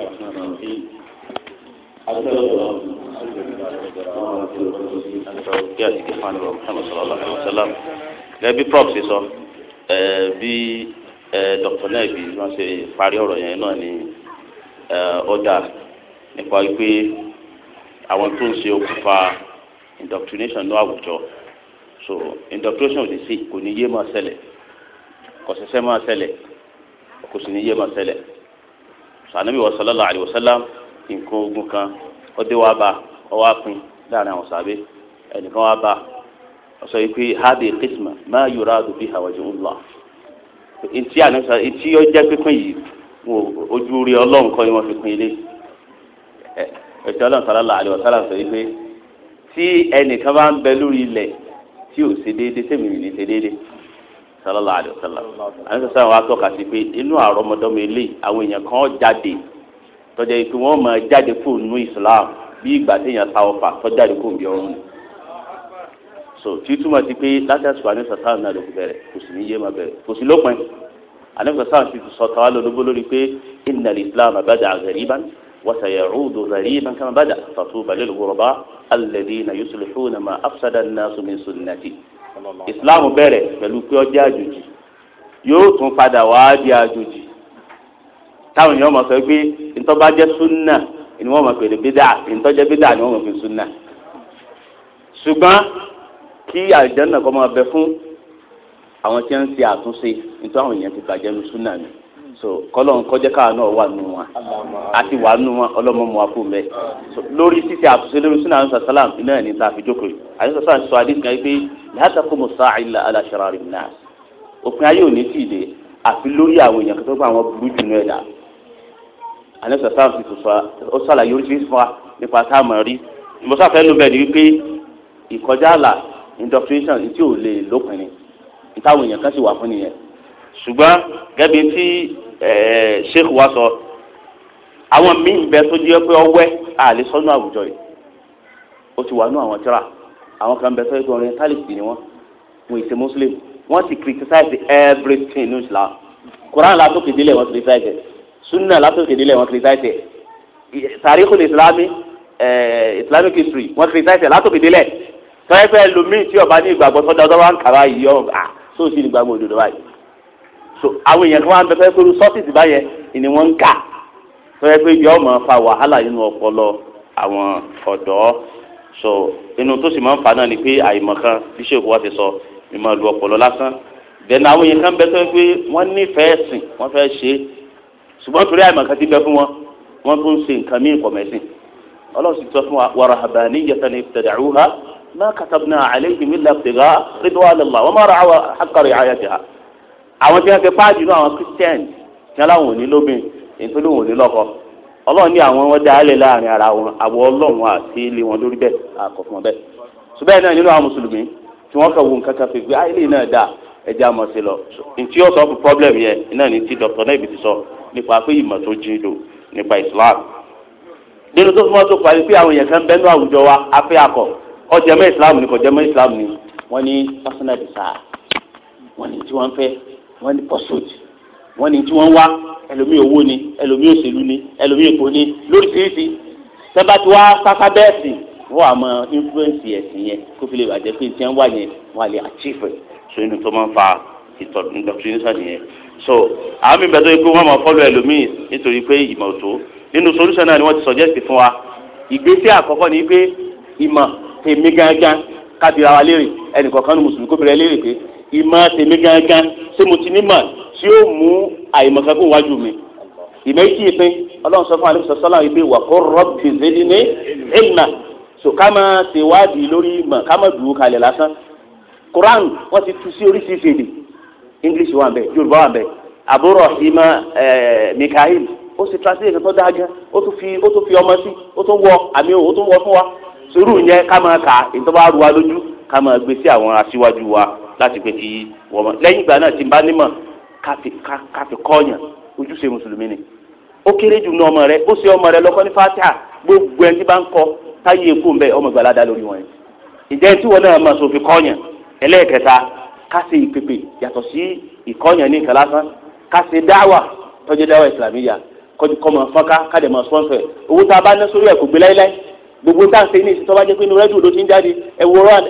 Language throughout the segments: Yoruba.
الرحمن الرحيم gẹ́gẹ́ prof ṣe sọ bí dr nẹ́ẹ̀bì tí wọ́n ṣe parí ọ̀rọ̀ yẹn náà ni ọ̀dà nípa pé àwọn tó ń ṣe okùnfà indoctrination ní àwùjọ so indoctrination ò ní sí kò ní yé máa ṣẹlẹ̀ kò ṣẹ̀ṣẹ̀ máa ṣẹlẹ̀ kò sì ní yé máa ṣẹlẹ̀ sànàbí sallallahu alayhi wa sallam nǹkan ogun kan ọdẹ wa bá ọwọ́ apin láàrin àwọn sàbẹ ẹnìkan wa bá ọsọ yìí pé hadi qisma ma yuradu biha wajhullah ntí ànáfíà ntí yóò jẹ pínpín yìí ojú rí ọlọ́run kọ́ ni wọ́n fi pín ilé ẹ̀sìn ọlọ́run sallallahu alayhi wa sallam sọ yìí pé tí ẹnìkan bá ń bẹ lórí ilẹ̀ tí ò ṣe déédéé tẹ̀mí ní ṣe déédéé sallallahu alayhi wa sallam àwọn sọsọ àwọn atọ́ka sí pé inú àrọmọdọ́mọ eléyìí àwọn èèyàn kan jáde tọ́jà yìí pé wọ́n máa jáde fún inú islam bí ìgbà téèyàn ta ọfà tọ́jà yìí kò ń bí ọrùn so títúmọ̀ sí pé láti àsìkò àní sọ̀tàn náà ló bẹ̀rẹ̀ kò sì ní yé máa bẹ̀rẹ̀ kò sì lópin àní sọ̀tàn ti sọ tàwa lọ́dọ́gbó lórí pé innal islam bada ghariban wa sayaudu ghariban kama bada fatuba lil ghuraba alladhina yuslihuna ìsìláàmù bẹ̀rẹ̀ pẹ̀lú pé ó jẹ́ àjòjì yóò tún padà wá di àjòjì táwọn èèyàn mọ̀ sọ pé ntọ́ba jẹ́ súnà ni wọ́n mọ̀ pé bídà ntọ́jẹ́ bídà ni wọ́n mọ̀ pé súnà ṣùgbọ́n kí àlùjánnà kọ́ máa bẹ fún àwọn tí wọ́n ń ṣe àtúnṣe nítorí àwọn èèyàn ti bàjẹ́ nu súnà mi so kọlọ́n kọjá káà náà wà nù wọn àti wà nù wọn ọlọ́mọ mu àpò mẹ́ so lórí títí àtúnṣe lórí sínú àwọn sàlám iná ẹ̀ ní ta àfi jókòó àti sọ́sọ́ àti sọ àdéhùn kan pé láti kó mo sá àìlà aláṣẹra rẹ̀ náà òpin ayé òní tì dé àfi lórí àwọn èèyàn tó gbọ́ àwọn burú jù náà dà àti sàlám ti sọ ọ sàlàyé oríṣiríṣi fún nípa tá rí ìmọ̀sá fẹ́ ló bẹ̀ ni wípé ìkọjá àlà indoctrination tí ò lè lópin ni ìtàwọn èèyàn kan sì wà fún nìyẹn sheikh wa sọ àwọn míì bẹ tó jẹ́ pé ọwẹ́ àlè sọ́nù àwùjọ yìí ó ti wà nú àwọn tíra àwọn kan bẹ sọ́yìn pé orientalist ni wọ́n wọ́n ìṣe muslim wọ́n ti criticize everything ní islam quran látòkè délẹ̀ wọ́n criticize sunna látòkè délẹ̀ wọ́n criticize tarikhul islami islamic history wọ́n criticize látòkè délẹ̀ tọ́yẹ́fẹ́ lomi tí ọba ní ìgbàgbọ́ sọ́dọ̀ ọ̀dọ́ wa ń kàrá yìí ọ̀ ah sóòsì ìgbàgbọ́ òdodo báyìí so àwọn èèyàn kan wá ń bẹ fẹ́ pẹ̀lú sọ́fíìsì báyẹn ni wọ́n ń kà fẹ́ pé yọ ọmọ fa wàhálà nínú ọpọlọ àwọn ọ̀dọ́ so inú tó sì máa ń fa náà ni pé àìmọ̀ kan bí sèkú wa ti sọ ìmọ̀ lu ọpọlọ lásán bẹ́ẹ̀ ni àwọn èèyàn kan bẹ fẹ́ pé wọ́n nífẹ̀ẹ́ sìn wọ́n fẹ́ ṣe é ṣùgbọ́n torí àìmọ̀ kan ti bẹ fún wọn wọ́n tún ṣe nǹkan míì kọ̀mẹ́sìn ọlọ́run sì sọ fún wa wa àwọn tí wọn fi páàdì náà àwọn christian tí wọn làwọn ò ní lóbìn nítorí òun ò ní lọ́kọ ọlọ́run ní àwọn wọn dá alẹ láàrin ara wọn àwọn ọlọ́run àti ilé wọn lórí bẹ́ẹ̀ àkọfún bẹ́ẹ̀ ṣùgbọ́n náà nínú àwọn mùsùlùmí tí wọn kàn wo nǹkan fi gbé ayélujára ah, náà dà ẹjẹ àmọ́ sí lọ ntí yóò sọ fún problem yẹn náà ní ti dr náà ibi ti sọ nípa pé ìmọ̀ tó jí lò nípa islam nínú tó fún wọn tó parí pé àwọn èèyàn bẹ́ẹ̀ ní àwùjọ wa afẹ́ akọ ọjọ́ mọ́ islam ni kò jẹ́ islam ni wọ́n ní personal desire wọ́n ní tí wọ́n fẹ́ wọ́n ní pursuit wọ́n ní tí wọ́n wá ẹlòmí owó ni ẹlòmí òṣèlú ni ẹlòmí èkó ni lóríṣiríṣi sábà tí wọ́n á sáfá bẹ́ẹ̀ sì wọ́n á mọ influence ẹ̀sìn yẹn kó fi lè bàjẹ́ pé tí wà yẹn wọ́n lè achieve it so inú tó máa ń fa ìtọ́jú indoctrination nìyẹn so àwọn mi bẹ̀rẹ̀ pé wọ́n máa follow ẹlòmíì nítorí pé ìmọ̀ ò tó nínú solution náà ni wọ́n ti suggest fún wa ìgbésẹ̀ àkọ́kọ́ ni pé ìmọ̀ tèmi gángan kábíra wa léèrè ẹnìkọ̀ọ̀kan ní mùsùlùmí kó bẹ̀rẹ̀ léèrè pé ìmọ̀ tèmi gángan ṣé mo ti ní mà tí ó mú àìmọ̀kan kó wájú mi ìmọ̀ èyí yìí pín ọlọ́run sọ fún àlejò sọ́lá yìí pé wà kó rọ́bì zédi ní ìlmà so ká máa ṣe wádìí lórí ìmọ̀ ká máa dùn kalẹ̀ lásán Quran wọ́n ti tu sí oríṣiríṣi èdè English wà bẹ́ẹ̀ Yorùbá wà bẹ́ẹ̀ àbúrò ìmọ̀ Mikael ó sì translate kan tó dájú ó tún fi ó tún fi ọmọ sí ó tún wọ àmì ó tún wọ fún wa sùúrù yẹn ká máa kà ìtọ́ bá lójú ká máa gbé sí àwọn aṣíwájú wa láti pè kí wọ́n mọ̀ lẹ́yìn ìgbà náà tí n bá nímọ̀ káfi kọ́ọ̀yàn ojúṣe mùsùlùmí ni ó kéré jù ní ọmọ rẹ ó ṣe ọmọ rẹ lọ́kọ́ ní fatiha gbogbo ẹni tí bá ń kọ táyé ikú ń bẹ ọmọ ìgbàládá lórí wọn ìjẹ́ tí wọn náà mọ̀ sófin kọ́ọ̀yàn ẹlẹ́ẹ̀kẹta kásì ìpèpè yàtọ̀ sí ìkọ́ọ̀yàn ní nǹkan lásán kásì dáwà tọ́jú dáwà ìsìlámíyà kọ́mọ fọ́nká káde mọ̀ sọ́ńsọ̀ owó tá a bá ná sórí ẹ̀ kò gbé láíláí gbogbo tá à ń ṣe ní ìsìtọ́ bá pé inú rẹ́díò ló ti ń jáde ẹ̀wòrán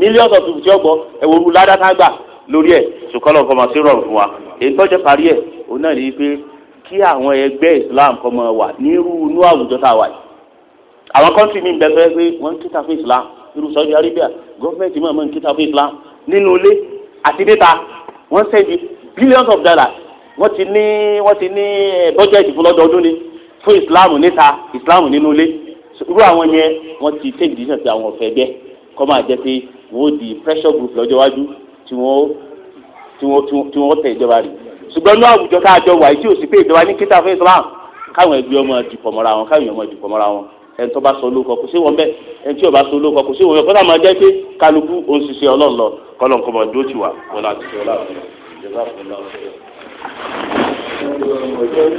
millions of people tí ó gbọ́ ẹ̀wòrú ládàtàgbà lórí ẹ̀ ṣùkọ́lọ̀ kọ́ máa ṣe rọrùn fún wa èyí tó jẹ́ parí ẹ̀ òun náà ní pé kí àwọn ẹgbẹ́ Islam kọ́ máa wà nírú inú àwùjọ tá a wà yìí àwọn kọ́ńtì mi bẹ fẹ́ pé wọ́n ń kíta fún Islam irú Saudi Arabia gọ́ọ̀mẹ̀ntì mọ̀ ń kíta fún Islam nínú ilé àti níta wọ́n sẹ́ni billions of dollars wọ́n ti ní wọ́n ti ní eh, bọ́jẹ̀tì fún lọ́dọọdún ni fún Islam níta Islam nínú ilé irú àwọn yẹn wọ́n ti take decision ti àwọn ọ̀fẹ́ bẹ́ẹ̀ kọ́ máa jẹ́ pé wọ́n di pressure group lọ́jọ́ iwájú tí wọ́n tí wọ́n tí wọ́n tẹ̀ ìjọba rẹ̀ ṣùgbọ́n ní àwùjọ tá a jọ wà tí ò sí pé ìjọba ní kíta fún Islam káwọn ẹgbẹ́ ọmọ dìpọ̀ mọ́ra wọn káwọn ọmọ dìpọ̀ mọ́ra wọn ẹni tó bá sọ olóko kò sí wọn bẹ́ẹ̀ ẹni tí ò bá sọ olóko kò sí wọn bẹ́ẹ̀ kó sàmọ́ jẹ́ pé kálukú òun ṣiṣẹ́ ọlọ́run lọ kọ́lọ́n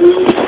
kọ́mọ